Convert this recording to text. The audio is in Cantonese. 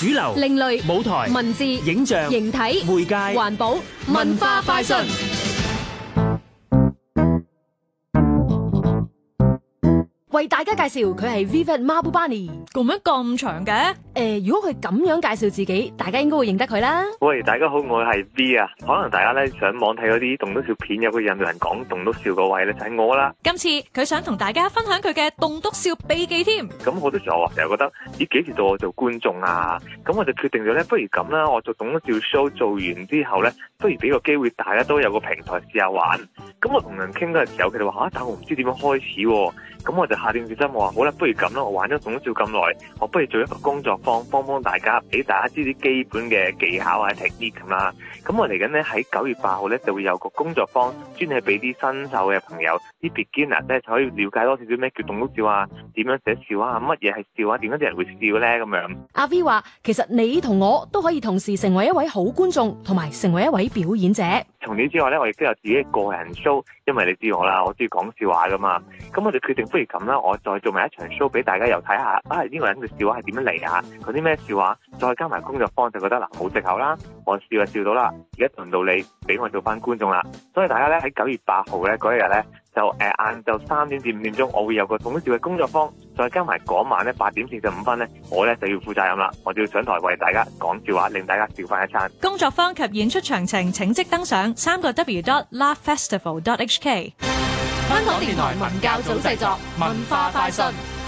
主流、另類舞台、文字、影像、形體、媒介、環保、文化快訊，為大家介紹，佢係 Vivian Marble Bunny。咁樣咁長嘅？誒、呃，如果佢咁樣介紹自己，大家應該會認得佢啦。喂，大家好，我係 V 啊。可能大家咧上網睇嗰啲棟篤笑片，有個人嚟講棟篤笑個位咧就係、是、我啦。今次佢想同大家分享佢嘅棟篤笑秘技添。咁好、嗯、多時候成日覺得咦，幾時到我做觀眾啊？咁、嗯、我就決定咗咧，不如咁啦，我做棟篤笑 show 做完之後咧，不如俾個機會大家都有個平台試下玩。咁、嗯、我同人傾嘅時候，佢哋話吓，但我唔知點樣開始、啊。咁、嗯嗯、我就下定決心我話好啦，不如咁啦，我玩咗棟篤笑咁耐，我不如做一個工作。幫，幫幫大家，俾大家知啲基本嘅技巧啊、technique 咁啦。咁我嚟緊咧喺九月八號咧就會有個工作坊，專係俾啲新手嘅朋友啲 beginner，即就可以了解多少少咩叫棟篤笑啊，點樣寫笑啊，乜嘢係笑啊，點解啲人會笑咧咁樣。阿 V 話，其實你同我都可以同時成為一位好觀眾，同埋成為一位表演者。從此之外咧，我亦都有自己嘅個人 show，因為你知我啦，我中意講笑話噶嘛。咁、嗯、我就決定不如咁啦，我再做埋一場 show 俾大家又睇下，啊呢、這個人嘅笑話係點樣嚟啊？佢啲咩笑話？再加埋工作坊，就覺得嗱、啊，好藉口啦，我笑就笑到啦。而家輪到你俾我做翻觀眾啦。所以大家咧喺九月八號咧嗰一日咧、那個，就誒晏晝三點至五點鐘，我會有個講笑嘅工作坊。再加埋嗰晚咧八點四十五分咧，我咧就要負責任啦，我就要上台為大家講笑話，令大家笑翻一餐。工作坊及演出詳情，請即登上三個 w dot love festival dot h k。香港電台文教組製作，文化快訊。